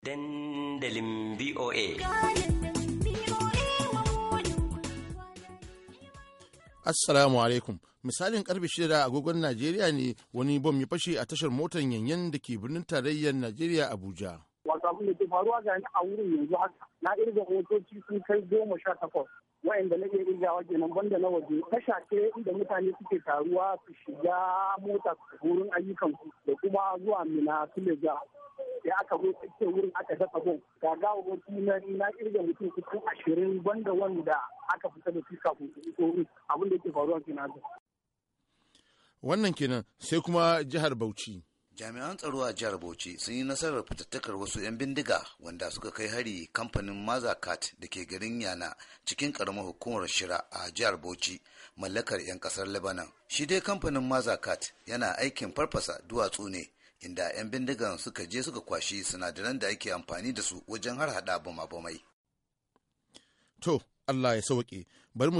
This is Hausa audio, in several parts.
dandalin BOA. Assalamu alaikum. Misalin karfe shida agogon Najeriya ne wani bom ya fashe a tashar motar yanyan da ke birnin tarayyar Najeriya Abuja. Wato abin da ke faruwa ga ni a wurin yanzu haka na irga motoci sun kai goma sha takwas wa'anda na iya irgawa kenan banda na waje tasha ce inda mutane suke taruwa su shiga mota wurin ayyukan da kuma zuwa mina su sai aka zo tsakiyar wurin aka dafa gun ga gawawaki na na kirga mutum kusan ashirin banda wanda aka fita da su kafin su abin da yake faruwa kenan wannan kenan sai kuma jihar Bauchi jami'an tsaro a jihar bauchi sun yi nasarar fitattakar wasu 'yan bindiga wanda suka kai hari kamfanin mazakat da ke garin yana cikin karamar hukumar shira a jihar bauchi mallakar 'yan kasar lebanon shi dai kamfanin mazakat yana aikin farfasa duwatsu ne inda 'yan bindigan suka je suka kwashi sinadaran da ake amfani da su wajen har hada bama-bamai. To, Allah ya sauke, bari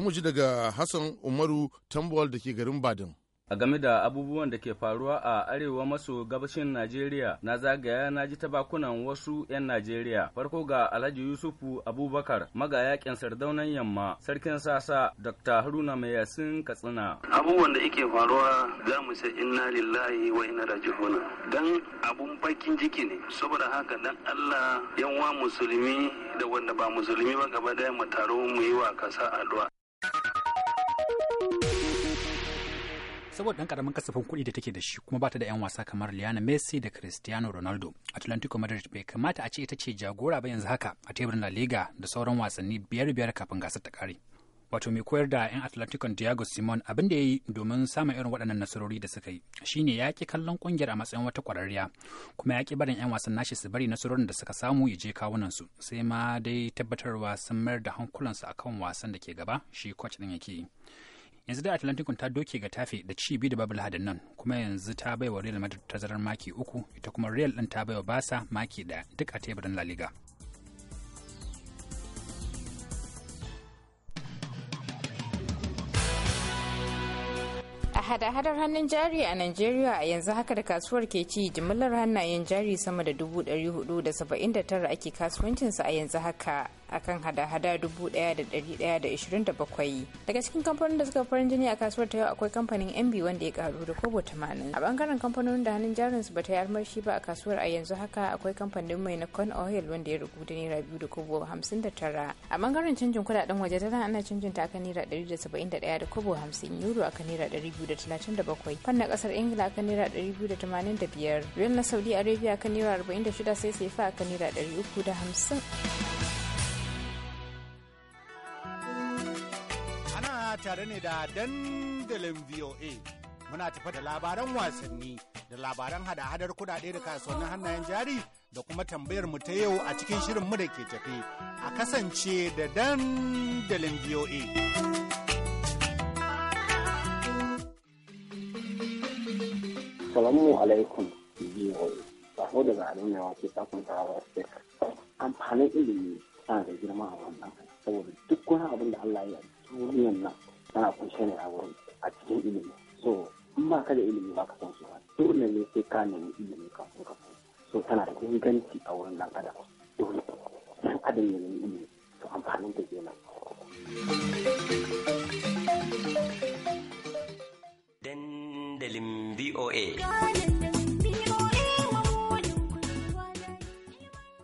mu je daga Hassan Umaru Tambuwal da ke garin Badin. a game da abubuwan da ke faruwa a arewa maso gabashin Najeriya na zagaya na ji tabakunan wasu 'yan Najeriya. Farko ga Alhaji Yusufu Abubakar magayakin sardaunan yamma sarkin sasa Dr. Haruna Mai Yasin Katsina. Abubuwan da yake faruwa za mu ce inna lillahi wa inna raji'un. Dan abun bakin jiki ne saboda haka dan Allah yan musulmi da wanda ba musulmi ba gaba daya mu taro mu yi wa kasa addu'a. saboda dan karamin kasafin kuɗi da take da shi kuma bata da 'yan wasa kamar liana Messi da Cristiano Ronaldo. Atlantico Madrid bai kamata a ce ita ce jagora ba yanzu haka a teburin La Liga da sauran wasanni biyar biyar kafin gasar ta kare. Wato mai koyar da 'yan Atlantico Diego Simon abin da ya yi domin samun irin waɗannan nasarori da suka yi shine ya ki kallon ƙungiyar a matsayin wata ƙwararriya kuma ya ki barin 'yan wasan nashi su bari nasarorin da suka samu ya je su sai ma dai tabbatarwa sun mayar da hankulansu akan wasan da ke gaba shi coach din yake yi. yanzu da atlantic ta doke ga tafe da ci biyu da babu lahadin nan kuma yanzu ta baiwa real madrid tazarar maki uku ita kuma real din ta baiwa basa maki ɗaya duk a teburin la liga hada-hadar hannun jari a nigeria a yanzu haka da kasuwar ke ci jimillar hannayen jari sama da 479 ake kasuwancinsa a yanzu haka. akan hada-hada 1,127 daga cikin kamfanin da suka farin jini a kasuwar ta yau akwai kamfanin mb wanda ya karu da kobo 80 a bangaren kamfanonin da hannun jarin su bata yi armashi ba a kasuwar a yanzu haka akwai kamfanin mai na con oil wanda ya rugu da naira biyu da kobo 59 a bangaren canjin kudaden waje tana ana canjin ta kan naira 171 da kobo 50 euro akan naira 237 fannin kasar ingila akan naira 285 riyal na saudi arabia akan naira 46 sai sefa akan naira 350 tare ne da dandalin VOA. Muna tafa da labaran wasanni da labaran hada-hadar kudade da kasuwannin hannayen jari da kuma tambayar mu ta yau a cikin shirin mu da ke tafe. A kasance da dandalin VOA. Salamu alaikum VOA. Sako daga Alina wace sakon tarawar Amfanin ilimi na da girma a wannan saboda duk wani abin da Allah ya yi a duniyan nan tana kunshe ne a wurin a cikin ilimi so in ba ka da ilimi ba ka san su ba dole ne sai ka nemi ilimi kafin ka san so tana da inganci a wurin dan adam dole dan adam ne nemi ilimi to amfanin da kenan dandalin VOA.